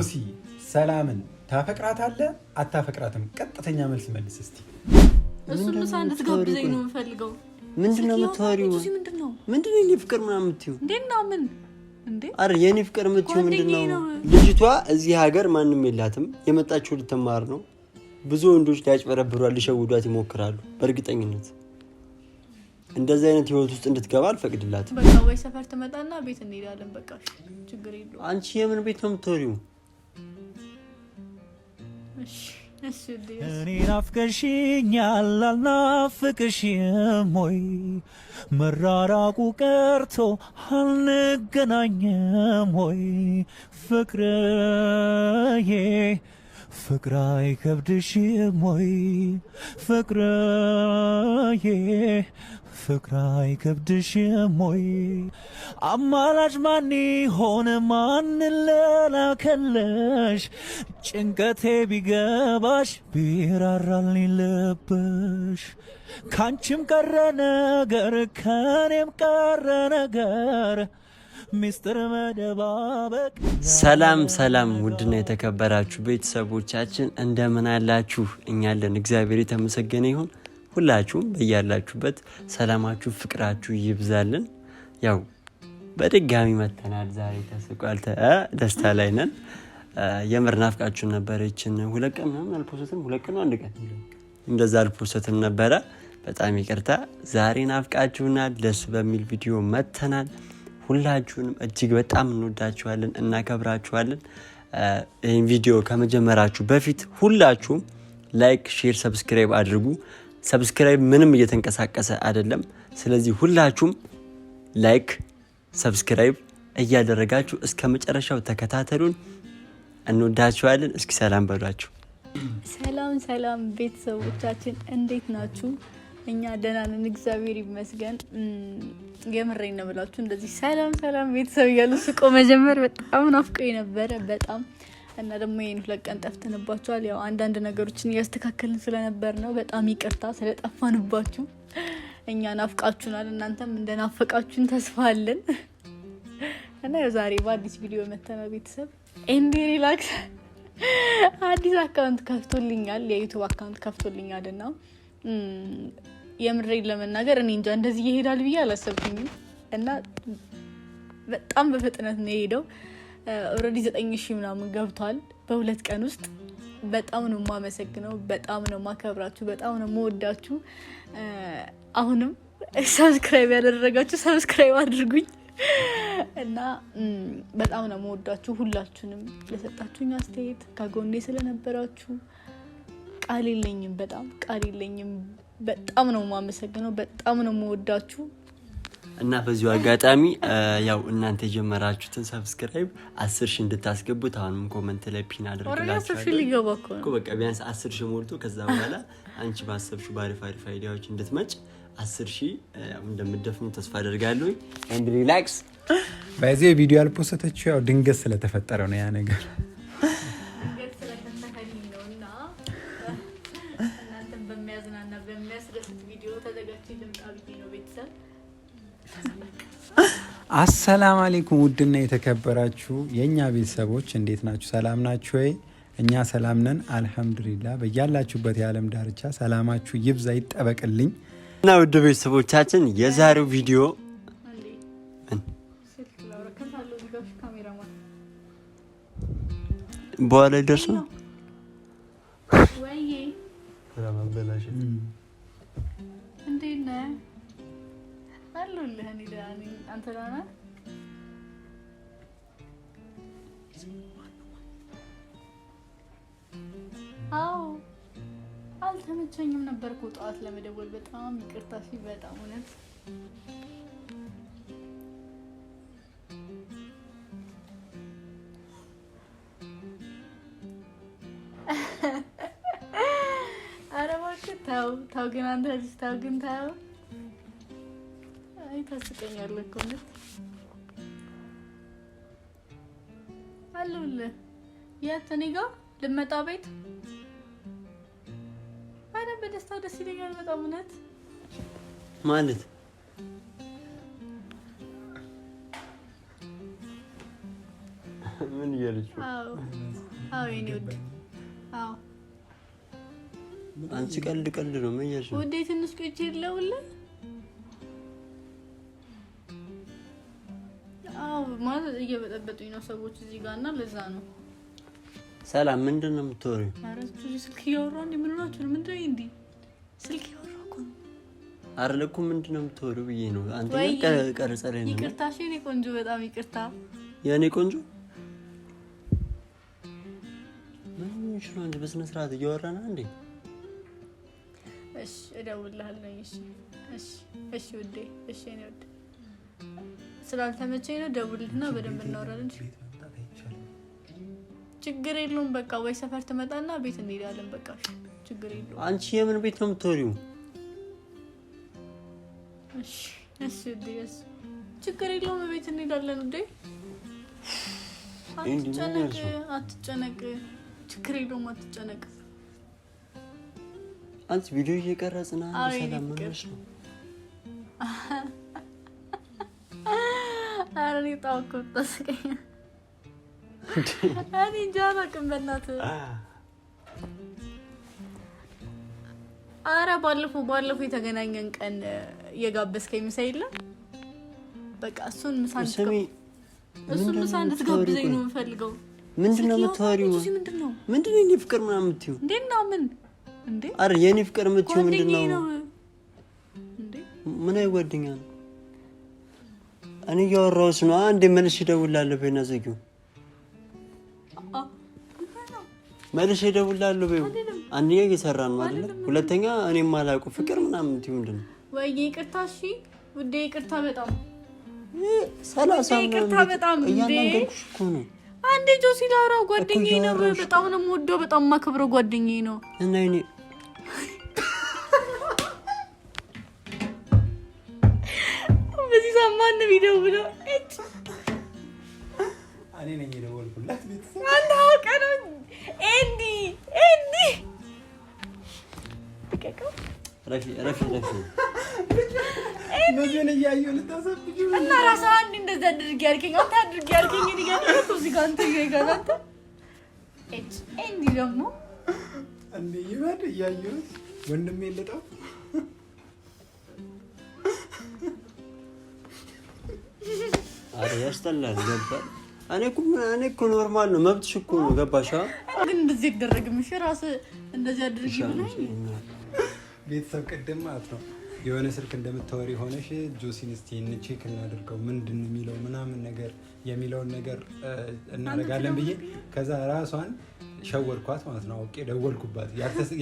ሉሲ ሰላምን ታፈቅራታለህ አታፈቅራትም? ቀጥተኛ መልስ መልስ እስቲ። እሱን እንድትጋብዘኝ ነው የምፈልገው። ምንድን ነው የምታወሪው? ምንድን ነው የኔ ፍቅር ምናምን የምትይው? እንዴት ነው ምን አረ የኔ ፍቅር የምትይው ምንድን ነው? ልጅቷ እዚህ ሀገር ማንም የላትም። የመጣችው ልትማር ነው። ብዙ ወንዶች ሊያጭበረብሯት፣ ሊሸውዷት ይሞክራሉ። በእርግጠኝነት እንደዚህ አይነት ህይወት ውስጥ እንድትገባ አልፈቅድላትም። በቃ ወይ ሰፈር ትመጣና ቤት እንሄዳለን። በቃ ችግር የለውም። አንቺ የምን ቤት ነው የምትወሪው? እኔ ናፍቀሽኛል አልናፍቅሽም ወይ? መራራቁ ቀርቶ አልንገናኝም ወይ? ፍቅርዬ ፍቅር አይከብድሽም ወይ? ፍቅርዬ ፍቅር አይከብድሽም ወይ? አማላጅ ማን ሆነ? ማን ለላከለሽ? ጭንቀቴ ቢገባሽ ቢራራልኝ ልብሽ። ካንቺም ቀረ ነገር ከኔም ቀረ ነገር ሚስጥር መደባበቅ። ሰላም ሰላም፣ ውድና የተከበራችሁ ቤተሰቦቻችን እንደምን አላችሁ? እኛለን እግዚአብሔር የተመሰገነ ይሁን። ሁላችሁም በያላችሁበት ሰላማችሁ፣ ፍቅራችሁ ይብዛልን። ያው በድጋሚ መተናል። ዛሬ ተስቋል፣ ደስታ ላይ ነን። የምር ናፍቃችሁን ነበር። ይችን ሁለት ምናምን አልፖሰትም፣ ሁለቀን አንድ ቀን እንደዛ አልፖሰትም ነበረ። በጣም ይቅርታ። ዛሬ ናፍቃችሁናል፣ ደስ በሚል ቪዲዮ መተናል። ሁላችሁንም እጅግ በጣም እንወዳችኋለን፣ እናከብራችኋለን። ይህን ቪዲዮ ከመጀመራችሁ በፊት ሁላችሁም ላይክ፣ ሼር፣ ሰብስክራይብ አድርጉ። ሰብስክራይብ ምንም እየተንቀሳቀሰ አይደለም። ስለዚህ ሁላችሁም ላይክ፣ ሰብስክራይብ እያደረጋችሁ እስከ መጨረሻው ተከታተሉን። እንወዳችኋለን። እስኪ ሰላም በሏችሁ። ሰላም ሰላም ቤተሰቦቻችን እንዴት ናችሁ? እኛ ደናንን እግዚአብሔር ይመስገን። የምረኝ ነው ብላችሁ እንደዚህ ሰላም ሰላም ቤተሰብ እያሉ ስቆ መጀመር በጣም ናፍቆ ነበረ በጣም እና ደግሞ ይህን ሁለት ቀን ጠፍተንባችኋል። ያው አንዳንድ ነገሮችን እያስተካከልን ስለነበር ነው። በጣም ይቅርታ ስለጠፋንባችሁ። እኛ ናፍቃችሁናል፣ እናንተም እንደናፈቃችሁን ተስፋ አለን እና ዛሬ በአዲስ ቪዲዮ መተና ቤተሰብ ኤንዲ ሪላክስ አዲስ አካውንት ከፍቶልኛል፣ የዩቱብ አካውንት ከፍቶልኛል እና የምሬን ለመናገር እኔ እንጃ እንደዚህ ይሄዳል ብዬ አላሰብኩኝም እና በጣም በፍጥነት ነው የሄደው። ኦልሬዲ ዘጠኝ ሺ ምናምን ገብቷል በሁለት ቀን ውስጥ። በጣም ነው የማመሰግነው። በጣም ነው የማከብራችሁ። በጣም ነው የምወዳችሁ። አሁንም ሰብስክራይብ ያደረጋችሁ ሰብስክራይብ አድርጉኝ እና በጣም ነው መወዳችሁ ሁላችሁንም። ለሰጣችሁኝ አስተያየት ከጎኔ ስለነበራችሁ ቃል የለኝም፣ በጣም ቃል የለኝም። በጣም ነው የማመሰግነው። በጣም ነው መወዳችሁ። እና በዚሁ አጋጣሚ ያው እናንተ የጀመራችሁትን ሰብስክራይብ አስር ሺ እንድታስገቡት አሁንም ኮመንት ላይ ፒን አድርግላችኋለሁ። በቃ ቢያንስ አስር ሺ ሞልቶ ከዛ በኋላ አንቺ ባሰብሹ በአሪፍ አሪፍ አይዲያዎች እንድትመጭ አስር ሺ እንደምደፍኑ ተስፋ አደርጋለሁ። ኤንድ ሪላክስ በዚህ ቪዲዮ ያልፖሰተችው ያው ድንገት ስለተፈጠረው ነው ያ ነገር አሰላም አሌይኩም ውድና የተከበራችሁ የእኛ ቤተሰቦች እንዴት ናችሁ? ሰላም ናችሁ ወይ? እኛ ሰላም ነን፣ አልሐምዱሊላ። በያላችሁበት የዓለም ዳርቻ ሰላማችሁ ይብዛ ይጠበቅልኝ። እና ውድ ቤተሰቦቻችን የዛሬው ቪዲዮ በኋላ ይደርስ እንዴት አለሁልህ። እኔ ደህና ነኝ። አንተ ደህና ነህ? አዎ አልተመቸኝም ነበር እኮ ጠዋት ለመደወል። በጣም ይቅርታ ሲ በጣም እውነት ኧረ እባክህ ተው ተው፣ ግን አንተ ልጅ ተው ግን ተው ታስቀኛለህ እኮ እውነት አለሁልህ። የት እኔ ጋ ልመጣ ቤት? ኧረ በደስታ ደስ ይለኛል በጣም እውነት ማለት ምን እያለች አንቺ ቀልድ ቀልድ ነው። ምን እያልሽ ውዴ? ትንሽ ቆይቼ የለውልህ እየበጠበጡኝ ነው ሰዎች እዚህ ጋር እና ለዛ ነው። ሰላም ምንድን ነው የምትወሪው? ስልክ እያወራ እንዲ ምን ሆናችሁ? ምንድን ነው እንዲ ስልክ እያወራ እኮ ነው አይደል? እኮ ምንድን ነው የምትወሪው ብዬ ነው። አንተ ቀርጸ ላይ ነው። ይቅርታ እሺ፣ የኔ ቆንጆ በጣም ይቅርታ የኔ ቆንጆ። ምን ይችላል እንጂ በስነ ስርዓት እያወራ እንዴ። እሺ እደውልልሃለሁ። እሺ እሺ እሺ ውዴ። እሺ እኔ ውዴ ስላልተመቸኝ ነው። ደውልና በደንብ እናወራለን። ችግር የለውም። በቃ ወይ ሰፈር ትመጣና ቤት እንሄዳለን። በቃ ችግር የለውም። አንቺ የምን ቤት ነው የምትወሪው? ችግር የለውም። ቤት እንሄዳለን። እንዴ አትጨነቅ፣ አትጨነቅ። ችግር የለውም። አትጨነቅ። አንቺ ቪዲዮ እየቀረጽና ሰላም ነው ጣውኩ ተስቀኝ እኔ እንጃ አላውቅም። በእናትህ አረ ባለፈው ባለፈው የተገናኘን ቀን እየጋበዝከኝ ምሳ የለም በቃ እሱን ምሳ እንድትጋብዘኝ ነው የምፈልገው። ምንድን ነው የምታወሪው? ምንድን ነው የኔ ፍቅር ምናምን የምትይው? እንዴት ነው ምን እንዴ? አረ የኔ ፍቅር የምትይው ምንድን ነው? ምን አይጓደኛ ነው እኔ እያወራሁስ ነው። አንድ መልሼ እደውልልሃለሁ በይና ዘጊው። መልሼ እደውልልሃለሁ በይው። አንደኛ እየሰራን ነው አይደለ? ሁለተኛ እኔ የማላውቀው ፍቅር ምናምን እንትን ምንድን ነው ወይ? ይቅርታ እሺ ውዴ፣ ይቅርታ በጣም ሰላሳ በጣም እያናገርኩሽ እኮ ነው። አንዴ ጆሲ ላውራ ጓደኛዬ ነው። በጣም ነው የምወደው፣ በጣም የማከብረው ጓደኛዬ ነው እና እኔ የሚደውለው እኔ ነኝ የደወልኩላት። ቤተሰብ አንተ አውቀህ ነው ኤንዲ ኤንዲ እና እራስህ አንድ እንደዚያ አድርጊ ያልከኝ አንተ አድርጊ ያልከኝ እዚህ ጋር አንተ ጋር አንተ ኤንዲ ደግሞ እንደ ይበል እያየሁት ወንድሜ የለጠው አረ ያስጠላል። ገባ እኔ እኮ እኔ እኮ ኖርማል ነው መብትሽ እኮ ነው። ገባሽ? ግን እንደዚህ አይደረግም። እሺ ራስ እንደዚህ አድርጊ ብሎ ቤተሰብ ቅድም ማለት ነው የሆነ ስልክ እንደምታወሪ ሆነሽ ጆሲን እስቲ ቼክ እናድርገው ምንድን የሚለው ምናምን ነገር የሚለውን ነገር እናደርጋለን ብዬ ከዛ ራሷን ሸወርኳት ማለት ነው። አውቄ ደወልኩባት።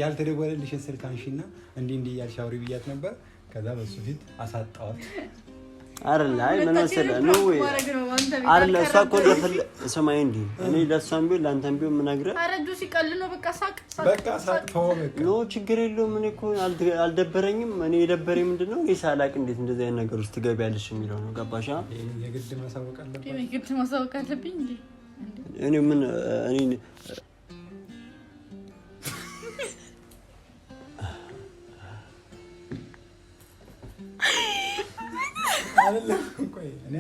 ያልተደወለልሽን ስልክ አንሺና እንዲህ እንዲህ እያልሽ አውሪ ብያት ነበር። ከዛ በሱ ፊት አሳጣዋት። አይደለ አይ ምን መሰለህ ነው ወይ አይደለ እሷ እኮ ለፈል ሰማይ እንዲ እኔ ለእሷም ቢሆን ለአንተም ቢሆን የምነግርህ አረጁ ሲቀል ነው በቃ ሳቅ በቃ ሳቅ ተወው ነው ችግር የለውም እኔ እኮ አልደበረኝም እኔ የደበረኝ ምንድን ነው እኔ ሳላቅ እንዴት እንደዚህ አይነት ነገር ውስጥ ትገቢያለሽ የሚለው ነው ገባሽ የግድ ማሳወቅ አለብኝ የግድ ማሳወቅ አለብኝ እኔ ምን እኔ እኔ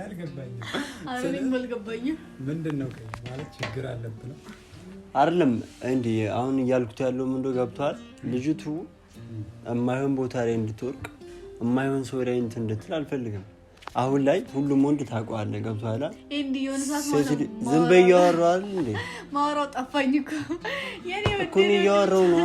አልገባኝም። ምንድን ነው ማለት ችግር አለብን ነው አይደለም እንዴ? አሁን እያልኩት ያለው ምንዶ ገብቷል። ልጅቱ የማይሆን ቦታ ላይ እንድትወርቅ የማይሆን ሰው ላይ እንትን እንድትል አልፈልግም። አሁን ላይ ሁሉም ወንድ ታውቀዋለህ፣ ገብቶሃል። ዝም በይ እያወራሁ አይደል እንዴ? ማውራው ጠፋኝ እኮ እኔ እያወራሁ ነው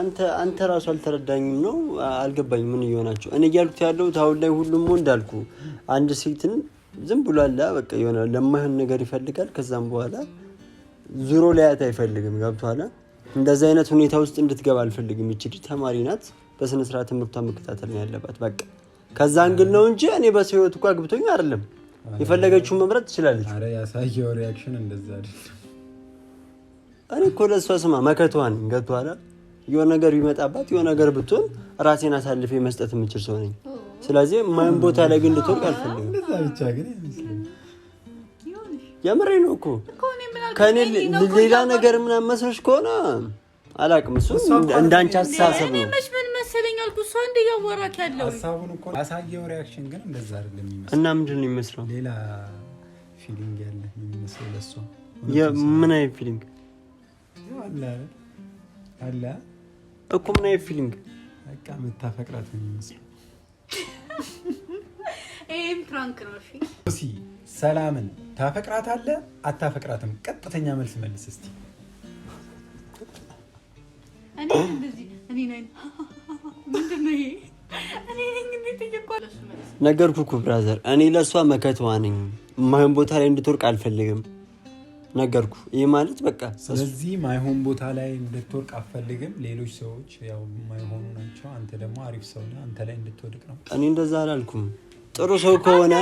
አንተ አንተ ራሱ አልተረዳኝም ነው አልገባኝ። ምን እየሆናቸው እኔ እያልኩት ያለው አሁን ላይ ሁሉም እንዳልኩ አንድ ሴትን ዝም ብሎ አለ በቃ የሆነ ለማይሆን ነገር ይፈልጋል። ከዛም በኋላ ዙሮ ላያት አይፈልግም። ገብቶሃል? እንደዚህ አይነት ሁኔታ ውስጥ እንድትገባ አልፈልግም። ይችል ተማሪ ናት፣ በስነስርዓት ትምህርቷን መከታተል ነው ያለባት። በቃ ከዛ እንግል ነው እንጂ እኔ በሰው ህይወት እኮ አግብቶኝ አይደለም። የፈለገችውን መምረጥ ትችላለች። እኔ እኮ ለእሷ ስማ መከቷን ገብቶሃል የሆነ ነገር ቢመጣባት የሆነ ነገር ብትሆን ራሴን አሳልፌ መስጠት የምችል ሰው ነኝ። ስለዚህ ማይም ቦታ ላይ ግን ልትወርቅ አልፈልግም። የምሬ ነው እኮ ከእኔ ሌላ ነገር ምናምን መስሎሽ ከሆነ አላቅም። እሱ እንዳንቺ አስተሳሰብ ነው እና ምንድን ነው የሚመስለው? ሌላ ፊሊንግ ያለ የሚመስለው ለእሷ ምን አይነት ፊሊንግ አለ አለ እኮ ምን አይነት ፊሊንግ በቃ የምታፈቅራት የሚመስለው ይህም ፕራንክ ነው። እሺ ሰላምን ታፈቅራት አለ አታፈቅራትም? ቀጥተኛ መልስ መልስ እስቲ። ነገርኩህ እኮ ብራዘር፣ እኔ ለእሷ መከቷ ነኝ። ማይሆን ቦታ ላይ እንድትወርቅ አልፈልግም። ነገርኩ። ይህ ማለት በቃ ስለዚህ ማይሆን ቦታ ላይ እንድትወድቅ አፈልግም። ሌሎች ሰዎች ያው ማይሆኑ ናቸው። አንተ ደግሞ አሪፍ ሰው ነህ። አንተ ላይ እንድትወድቅ ነው። እኔ እንደዛ አላልኩም። ጥሩ ሰው ከሆነ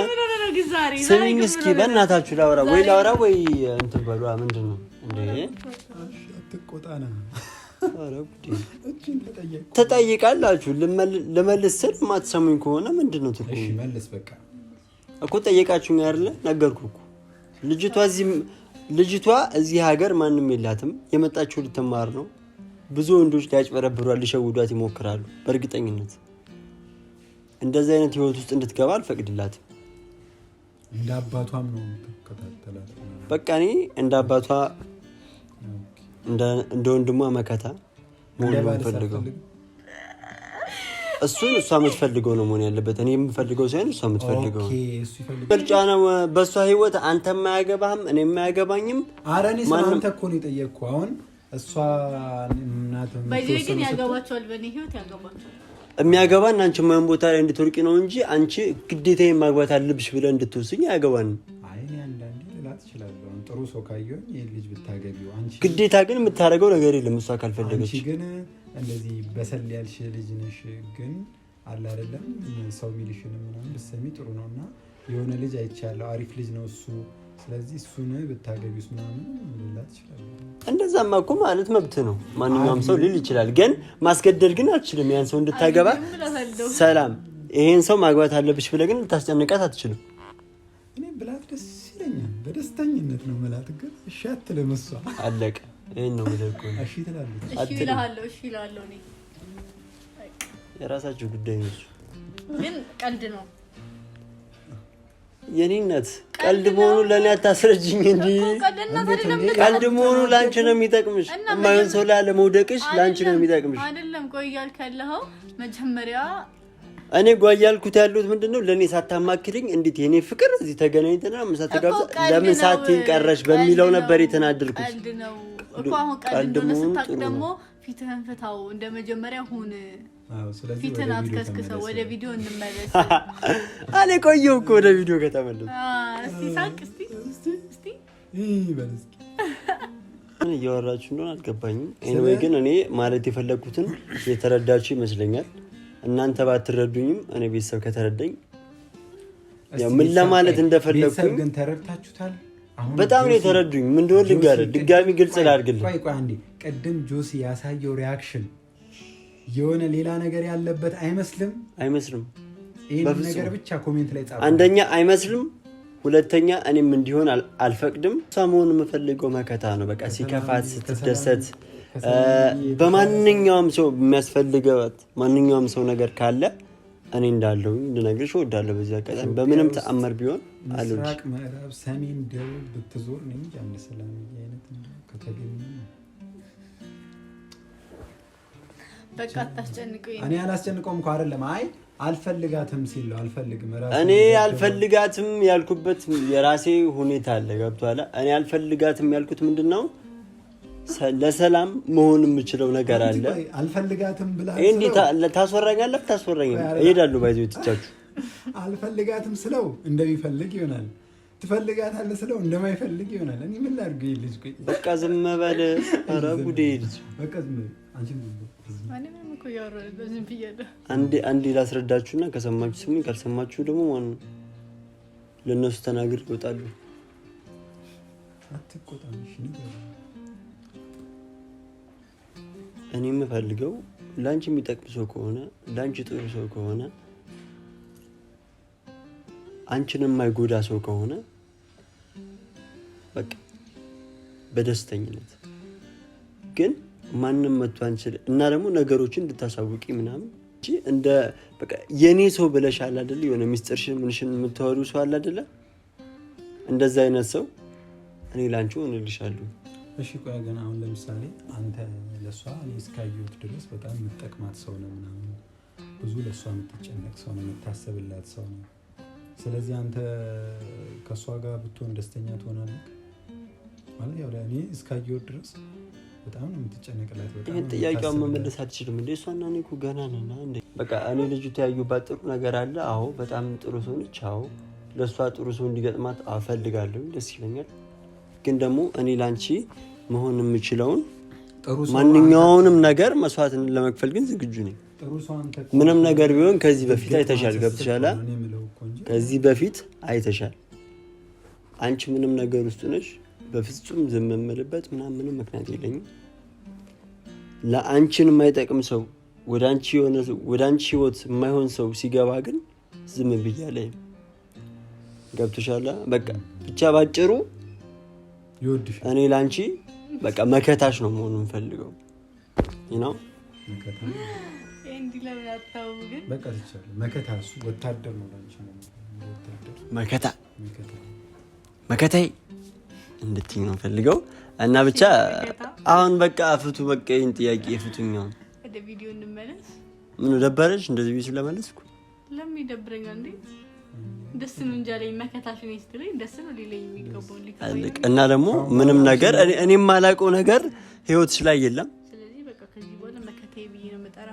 ስሚኝ እስኪ በእናታችሁ ላውራ ወይ ላውራ ወይ እንትን በሏ። ምንድን ነው አትቆጣና ትጠይቃላችሁ። ልመልስ ስል ማትሰሙኝ ከሆነ ምንድን ነው በቃ እኮ ጠየቃችሁ አይደለ? ነገርኩ እኮ ልጅቷ እዚህ ልጅቷ እዚህ ሀገር ማንም የላትም። የመጣችው ልትማር ነው። ብዙ ወንዶች ሊያጭበረብሯት፣ ሊሸውዷት ይሞክራሉ። በእርግጠኝነት እንደዚህ አይነት ህይወት ውስጥ እንድትገባ አልፈቅድላትም። እንደ አባቷም ነው የምትከታተላት። በቃ እኔ እንደ አባቷ እንደ ወንድሟ መከታ መሆን ፈልገው እሱን እሷ የምትፈልገው ነው መሆን ያለበት። እኔ የምፈልገው ሳይሆን እሷ የምትፈልገው ምርጫ ነው። በእሷ ህይወት አንተ የማያገባህም እኔ የማያገባኝም። ኧረ እኔ ስለአንተ እኮ ነው የጠየቅኩ። አሁን እሷ ግን ያገባቸዋል፣ በእኔ ህይወት ያገባቸዋል። የሚያገባን አንቺ ማን ቦታ ላይ እንድትወርቂ ነው እንጂ አንቺ ግዴታ ማግባት አለብሽ ብለህ እንድትወስኝ አያገባንም። ጥሩ ሰው ካየሁኝ ይህን ልጅ ብታገቢው ግዴታ ግን የምታደርገው ነገር የለም። እሷ ካልፈለገች ግን እንደዚህ በሰል ያልሽ ልጅ ነሽ፣ ግን አለ አይደለም ሰው ሚልሽን ምናምን ብትሰሚ ጥሩ ነው። እና የሆነ ልጅ አይቻለሁ፣ አሪፍ ልጅ ነው እሱ። ስለዚህ እሱን ብታገቢው ምናምን ልላ ትችላለ። እንደዛማ እኮ ማለት መብት ነው፣ ማንኛውም ሰው ልል ይችላል። ግን ማስገደል ግን አትችልም ያን ሰው እንድታገባ ሰላም፣ ይሄን ሰው ማግባት አለብሽ ብለህ ግን ልታስጨንቃት አትችልም። በደስተኝነት ነው መላት ግን እሺ አትልም። እሷ አለቀ። ይህን ነው ምልኮ እሺ ትላለች። እሺ እልሃለሁ፣ እሺ እልሃለሁ። እኔ የራሳችሁ ጉዳይ ነች። ግን ቀልድ ነው የኔነት ቀልድ መሆኑ ለእኔ አታስረጅኝ እንጂ ቀልድ መሆኑ ለአንቺ ነው የሚጠቅምሽ። የማይሆን ሰው ላይ ለመውደቅሽ ለአንቺ ነው የሚጠቅምሽ። አይደለም ቆይ እያልክ ያለኸው መጀመሪያ እኔ ጓያ ያልኩት ያሉት ምንድን ነው? ለእኔ ሳታማክልኝ እንዴት የእኔ ፍቅር እዚህ ተገናኝተና ምሳ ተጋብዘ ለምን ሳትይኝ ቀረሽ በሚለው ነበር የተናደድኩት። ቀልድ መሆኑ ጥሩ ነው። ፊትህን ፍታው፣ እንደ መጀመሪያ ሁን፣ ፊትህን አትከስክሰው። ወደ ቪዲዮ እንመለስ። እኔ ቆየሁ እኮ ወደ ቪዲዮ ከተመለሱ እያወራችሁ እንደሆነ አልገባኝም። ኤኒዌይ ግን እኔ ማለት የፈለግኩትን የተረዳችሁ ይመስለኛል። እናንተ ባትረዱኝም እኔ ቤተሰብ ከተረዳኝ ምን ለማለት እንደፈለግኩኝ ግን ተረድታችሁታል። በጣም ነው የተረዱኝ። ምን እንደሆነ ልንገርህ፣ ድጋሚ ግልጽ ላድርግልህ። ቅድም ጆሲ ያሳየው ሪያክሽን የሆነ ሌላ ነገር ያለበት አይመስልም? አይመስልም። ይህን ነገር ብቻ ኮሜንት ላይ ጻፉ። አንደኛ አይመስልም፣ ሁለተኛ እኔም እንዲሆን አልፈቅድም። መሆን የምፈልገው መከታ ነው። በቃ ሲከፋት ስትደሰት በማንኛውም ሰው የሚያስፈልገበት ማንኛውም ሰው ነገር ካለ እኔ እንዳለው ልነግርሽ እወዳለሁ። በዚህ አጋጣሚ በምንም ተአመር ቢሆን ምስራቅ፣ ምዕራብ፣ ሰሜን፣ ደቡብ ብትዞር ነው እንጂ አንድ ሰላም አይነት ከተገኘ በቃ አታስጨንቀኝ። እኔ አላስጨንቀውም እኮ አይደለም። አይ አልፈልጋትም ሲል ሲለው አልፈልግም። እኔ አልፈልጋትም ያልኩበት የራሴ ሁኔታ አለ። ገብቶሃል? እኔ አልፈልጋትም ያልኩት ምንድን ነው ለሰላም መሆን የምችለው ነገር አለ። አልፈልጋትም ብላ እንዲህ ታስወራኛለህ፣ ታስወራኛለህ፣ እሄዳለሁ። ባይዘ ትቻችሁ አልፈልጋትም ስለው እንደሚፈልግ ይሆናል፣ ትፈልጋታለህ ስለው እንደማይፈልግ ይሆናል። እኔ ምን ላድርግ? ልጅ በቃ ዝም በል። ኧረ ጉዴ ልጅ በቃ ዝም አንዴ ላስረዳችሁና ከሰማችሁ ስሙኝ፣ ካልሰማችሁ ደግሞ ማን ለእነሱ ተናግር ይወጣሉ። እኔ የምፈልገው ለአንቺ የሚጠቅም ሰው ከሆነ ለአንቺ ጥሩ ሰው ከሆነ አንቺን የማይጎዳ ሰው ከሆነ በቃ በደስተኝነት ግን ማንም መቶ አንችል እና ደግሞ ነገሮችን እንድታሳውቂ ምናምን እንደ በቃ የእኔ ሰው ብለሽ አለ አይደለ የሆነ ሚስጥርሽን ምንሽን የምታወዱ ሰው አለ አይደለ እንደዛ አይነት ሰው እኔ ላንቺ ሆንልሻለሁ። እሺ ቆይ ግን አሁን ለምሳሌ አንተ ለእሷ እስካየሁት ድረስ በጣም የምጠቅማት ሰው ነው ምናምን ብዙ ለእሷ የምትጨነቅ ሰው ነው፣ የምታሰብላት ሰው ነው። ስለዚህ አንተ ከእሷ ጋር ብትሆን ደስተኛ ትሆናለህ ማለት ያው እኔ እስካየሁት ድረስ በጣም ነው የምትጨነቅላት። ይህን ጥያቄውን መመለስ አትችልም እንደ እሷና እኔ እኮ ገና ነና። በቃ እኔ ልጁ ተያዩባት ጥሩ ነገር አለ። አዎ በጣም ጥሩ ሰው ነች። አዎ ለእሷ ጥሩ ሰው እንዲገጥማት አፈልጋለሁ፣ ደስ ይለኛል ግን ደግሞ እኔ ላንቺ መሆን የምችለውን ማንኛውንም ነገር መስዋዕት ለመክፈል ግን ዝግጁ ነኝ። ምንም ነገር ቢሆን ከዚህ በፊት አይተሻል። ገብተሻል። ከዚህ በፊት አይተሻል። አንቺ ምንም ነገር ውስጥ ነሽ። በፍጹም ዝም የምልበት ምናምን ምንም ምክንያት የለኝም። ለአንቺን የማይጠቅም ሰው ወደ አንቺ ህይወት የማይሆን ሰው ሲገባ ግን ዝም ብያለኝ። ገብተሻል። በቃ ብቻ ባጭሩ እኔ ለአንቺ በቃ መከታሽ ነው መሆኑ የምፈልገው ነው። መከታ መከታይ እንድትይኝ ነው ፈልገው እና ብቻ አሁን በቃ ፍቱ። በቃ ይህን ጥያቄ የፍቱኛውን ምን ደበረች? እንደዚህ ቢሱ ለመለስኩ ለምን ይደብረኛል? እና ደግሞ ምንም ነገር እኔ የማላውቀው ነገር ህይወትሽ ላይ የለም። ስለዚህ በቃ ከዚህ በኋላ መከታዬ ብዬ ነው የምጠራ።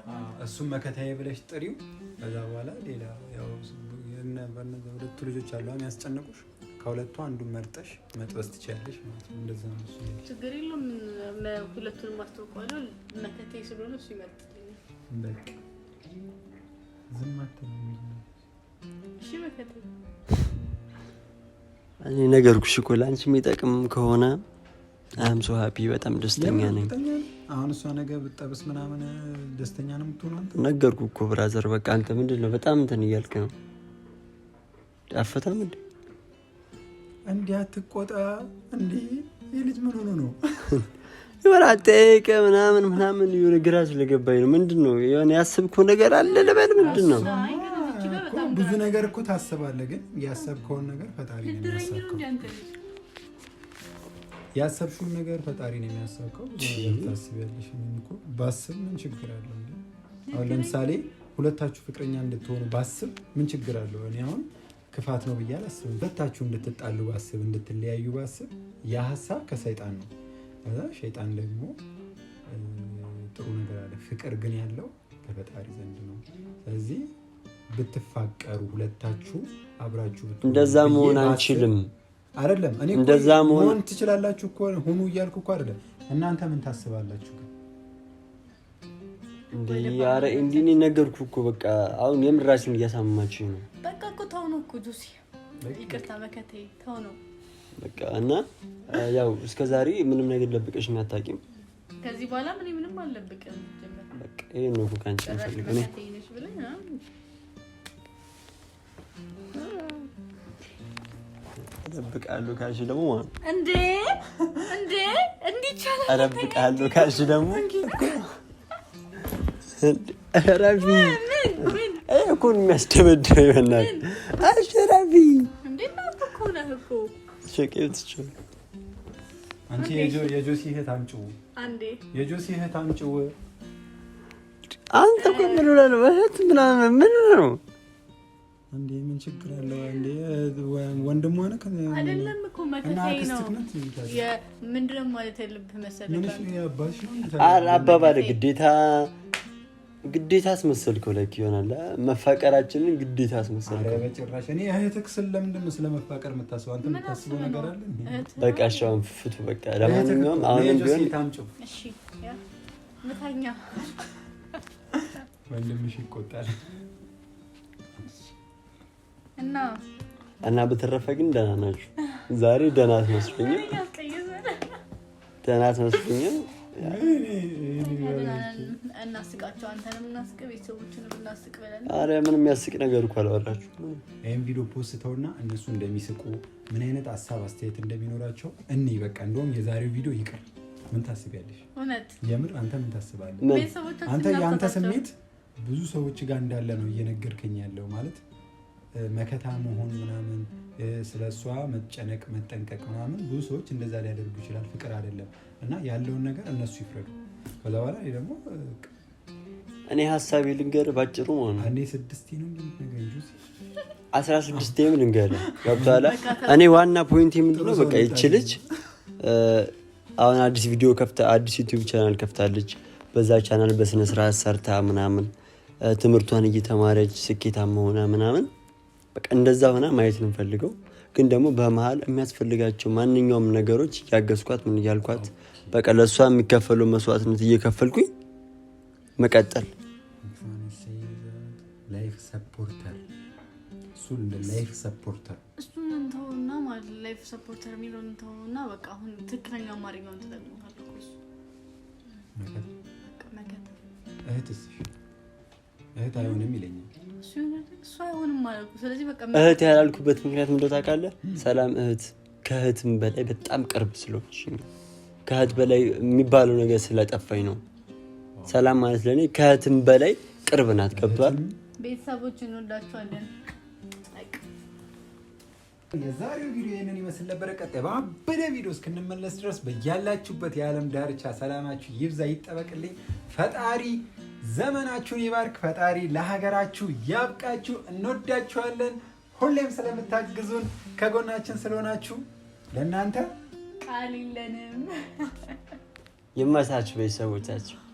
እሱም መከታዬ ብለሽ ጥሪው። ከዛ በኋላ ሌላ ያው ሁለቱ ልጆች አሉ ያስጨነቁሽ። ከሁለቱ አንዱ መርጠሽ መጥበስ ትችያለሽ ማለት ነው። እንደዛ ነው። እሱ ችግር የለውም። ሁለቱን ማስተውቀዋለሁ። መከታዬ ስለሆነ እሱ ይመርጥልኛል። በቃ ዝም አትልም እኔ ነገርኩሽ እኮ ለአንቺ የሚጠቅም ከሆነ አም ሶ ሀፒ በጣም ደስተኛ ነኝ። አሁን እሷ ነገ ብጠብስ ምናምን ደስተኛ ነው የምትሆነው። ነገርኩ እኮ ብራዘር፣ በቃ አንተ ምንድን ነው በጣም እንትን እያልክ ነው። ዳፈታም እንዴ እንዲህ አትቆጣ እንዲህ ይህ ልጅ ምን ሆኖ ነው የሆነ አጠያየቀ ምናምን ምናምን የሆነ ግራ ስለገባኝ ነው። ምንድን ነው የሆነ ያስብኩ ነገር አለ ልበል ምንድን ነው ብዙ ነገር እኮ ታስባለህ፣ ግን ያሰብከውን ነገር ፈጣሪ ነው የሚያሳካው። ያሰብሽውን ነገር ፈጣሪ ነው የሚያሳካው። ታስቢያለሽ እኮ ባስብ ምን ችግር አለው? አሁን ለምሳሌ ሁለታችሁ ፍቅረኛ እንድትሆኑ ባስብ ምን ችግር አለው? እኔ አሁን ክፋት ነው ብዬ አላስብም። ሁለታችሁ እንድትጣሉ ባስብ፣ እንድትለያዩ ባስብ፣ ያ ሀሳብ ከሰይጣን ነው። ከዛ ሸይጣን ደግሞ ጥሩ ነገር አለ። ፍቅር ግን ያለው ከፈጣሪ ዘንድ ነው። ስለዚህ ብትፋቀሩ ሁለታችሁ አብራችሁ እንደዛ መሆን አንችልም። አይደለም እኔ እንደዛ መሆን ትችላላችሁ እኮ ሁኑ እያልኩ እኮ አይደለም። እናንተ ምን ታስባላችሁ? እንደያረ እንዲህ እኔ ነገርኩ እኮ በቃ አሁን የምን ራሴን እያሳመማችኝ ነው። በቃ እኮ ተው ነው እኮ ዱሲ፣ ይቅርታ በከቴ ተው ነው በቃ እና ያው እስከዛሬ ምንም ነገር ለብቀሽ አታውቂም። ከዚህ በኋላ ምን ምንም አልለብቅም። በቃ ይሄን ነው እኮ ከአንቺ የምፈልገው እኔ እደብቃለሁ ካልሽ ደግሞ እንዴ እንዴ እንዲህ ይቻላል። እደብቃለሁ ካልሽ ደግሞ ረቢ እኮን የሚያስደበድበው ይሆናል። አሸረቢ አንቺ የጆሲ እህት አምጪው፣ የጆሲ እህት አምጪው። አንተ እኮ ምን ሆነህ ነው? እህት ምናምን ምን ሆነህ ነው? እንዴ ምን ችግር አለው እንዴ? ወንድም ሆነ አይደለም እኮ መከታይ ነው። ምንድነው ማለት ያለብህ መሰለህ? አባባል ግዴታ ግዴታ አስመሰልከው። ለክ ይሆናል መፋቀራችንን ግዴታ አስመሰልከው። ኧረ በጭራሽ እኔ እህትህ ስል ለምንድን ስለ መፋቀር የምታስበው አንተ የምታስበው ነገር አለ? በቃ እሺ፣ አሁን ፍቱ። በቃ ለማንኛውም አሁንም ቢሆን እሺ፣ ምታኛ ወንድምሽ ይቆጣል። እና በተረፈ ግን ደህና ናችሁ? ዛሬ ደህና አትመስሉኝም። ደህና አትመስሉኝም። አረ አንተንም እናስቅ ምን የሚያስቅ ነገር እኮ አላወራችሁም። ይህም ቪዲዮ ፖስተውና እነሱ እንደሚስቁ ምን አይነት ሀሳብ አስተያየት እንደሚኖራቸው እኔ በቃ እንደውም የዛሬው ቪዲዮ ይቅር። ምን ታስቢያለሽ? የምር አንተ ምን ታስባለህ? አንተ የአንተ ስሜት ብዙ ሰዎች ጋር እንዳለ ነው እየነገርከኝ ያለው ማለት መከታ መሆን ምናምን ስለ እሷ መጨነቅ መጠንቀቅ ምናምን ብዙ ሰዎች እንደዛ ሊያደርጉ ይችላል። ፍቅር አይደለም እና ያለውን ነገር እነሱ ይፍረዱ። ከዛ በኋላ ደግሞ እኔ ሀሳቢ ልንገር ባጭሩ ሆነ አንዴ ስድስቴ ነው ነገር አስራ ስድስቴም ልንገር እንገለ እኔ ዋና ፖይንት የምንድነው በቃ ይቺ ልጅ አሁን አዲስ ቪዲዮ ከፍታ አዲስ ዩቲዩብ ቻናል ከፍታለች። በዛ ቻናል በስነስርዓት ሰርታ ምናምን ትምህርቷን እየተማረች ስኬታማ ሆና ምናምን በቃ እንደዛ ሆና ማየት ነው ፈልገው። ግን ደግሞ በመሀል የሚያስፈልጋቸው ማንኛውም ነገሮች እያገዝኳት ምን እያልኳት በቃ ለእሷ የሚከፈለው መስዋዕትነት እየከፈልኩኝ መቀጠል ላይፍ ሰፖርተር እሱን እንተውና ማለት ላይፍ ሰፖርተር የሚለውን እንተውና በቃ አሁን ትክክለኛ አማርኛውን ተጠቅሞታል። እህትስ እህት አይሆንም ይለኛል እህት ያላልኩበት ምክንያት ምንድን ነው ታውቃለህ? ሰላም እህት ከእህትም በላይ በጣም ቅርብ ስለሆነች ከእህት በላይ የሚባለው ነገር ስለጠፋኝ ነው። ሰላም ማለት ለእኔ ከእህትም በላይ ቅርብ ናት። ገብቷል? ቤተሰቦች እንወዳቸዋለን። የዛሬው ቪዲዮ ይህንን ይመስል ነበረ። ቀጣይ በአበደ ቪዲዮ እስክንመለስ ድረስ በያላችሁበት የዓለም ዳርቻ ሰላማችሁ ይብዛ፣ ይጠበቅልኝ ፈጣሪ ዘመናችሁን ይባርክ። ፈጣሪ ለሀገራችሁ ያብቃችሁ። እንወዳችኋለን። ሁሌም ስለምታግዙን ከጎናችን ስለሆናችሁ ለእናንተ ቃል የለንም። ይመሳችሁ ቤተሰቦቻችሁ